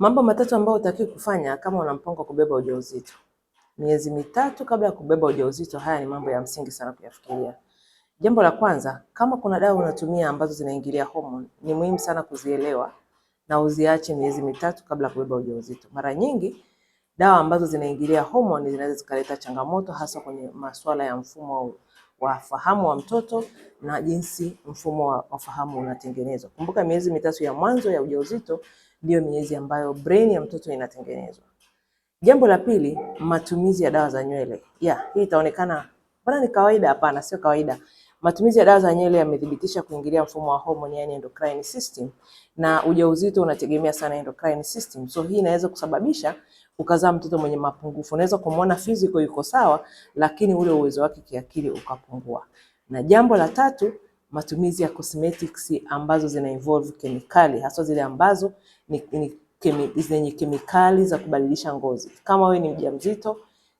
Mambo matatu ambayo utakiwa kufanya kama una mpango wa kubeba ujauzito miezi mitatu kabla ya kubeba ujauzito. Haya ni mambo ya msingi sana kuyafikiria. Jambo la kwanza, kama kuna dawa unatumia ambazo zinaingilia hormone, ni muhimu sana kuzielewa na uziache miezi mitatu kabla ya kubeba ujauzito. Mara nyingi dawa ambazo zinaingilia hormone zinaweza zikaleta changamoto hasa kwenye masuala ya mfumo wa fahamu wa mtoto na jinsi mfumo wa fahamu unatengenezwa. Kumbuka miezi mitatu ya mwanzo ya ujauzito ndiyo miezi ambayo brain ya mtoto inatengenezwa. Jambo la pili, matumizi ya dawa za nywele. Yeah, hii itaonekana mbona ni kawaida? Hapana, sio kawaida. Matumizi ya dawa za nywele yamethibitisha kuingilia mfumo wa homoni, yani endocrine system, na ujauzito unategemea sana endocrine system. So hii inaweza kusababisha ukazaa mtoto mwenye mapungufu. Unaweza kumuona physical yuko sawa, lakini ule uwezo wake kiakili ukapungua. Na jambo la tatu, matumizi ya cosmetics ambazo zina involve kemikali, hasa zile ambazo ni, ni kemi, zenye kemikali za kubadilisha ngozi. Kama wewe ni mjamzito,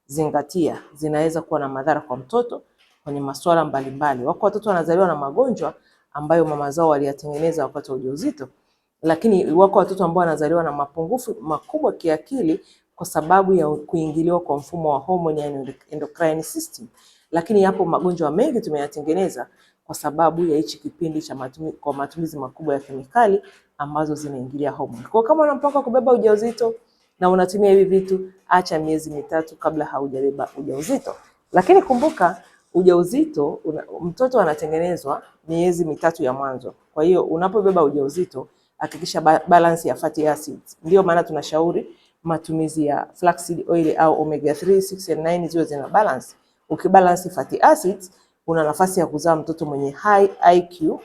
zingatia, zinaweza kuwa na madhara kwa mtoto kwenye masuala mbalimbali. Wako watoto wanazaliwa na magonjwa ambayo mama zao waliyatengeneza wakati wa ujauzito, lakini wako watoto ambao wanazaliwa na mapungufu makubwa kiakili kwa sababu ya kuingiliwa kwa mfumo wa hormone, yani endocrine system. Lakini yapo magonjwa mengi tumeyatengeneza kwa sababu ya hichi kipindi cha matumi, kwa matumizi makubwa ya kemikali ambazo zinaingilia hormone. Kwa kama una mpango wa kubeba ujauzito na unatumia hivi vitu, acha miezi mitatu kabla haujabeba ujauzito. Lakini kumbuka Ujauzito una, mtoto anatengenezwa miezi mitatu ya mwanzo. Kwa hiyo unapobeba ujauzito hakikisha balance ya fatty acids. ndio maana tunashauri matumizi ya flaxseed oil au omega 3, 6 and 9 ziwe zina balance. Ukibalance fatty acids una nafasi ya kuzaa mtoto mwenye high IQ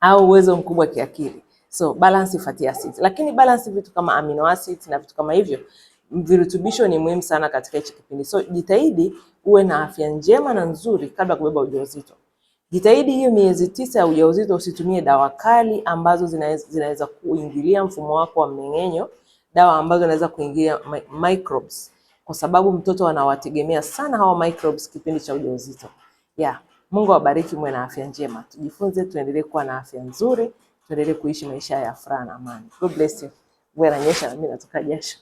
au uwezo mkubwa kiakili. So balance fatty acids, lakini balance vitu kama amino acids na vitu kama hivyo virutubisho ni muhimu sana katika hichi kipindi, so jitahidi uwe na afya njema na nzuri kabla kubeba ujauzito. Jitahidi hiyo miezi tisa ya ujauzito usitumie dawa kali ambazo zinaweza, zinaweza kuingilia mfumo wako wa mmeng'enyo, dawa ambazo zinaweza kuingilia microbes, kwa sababu mtoto anawategemea sana hawa microbes kipindi cha ujauzito. Yeah, Mungu awabariki, mwe na afya njema. Tujifunze, tuendelee kuwa na afya nzuri, tuendelee kuishi maisha ya furaha na amani. God bless you. Wewe nanyesha na mimi natoka jasho.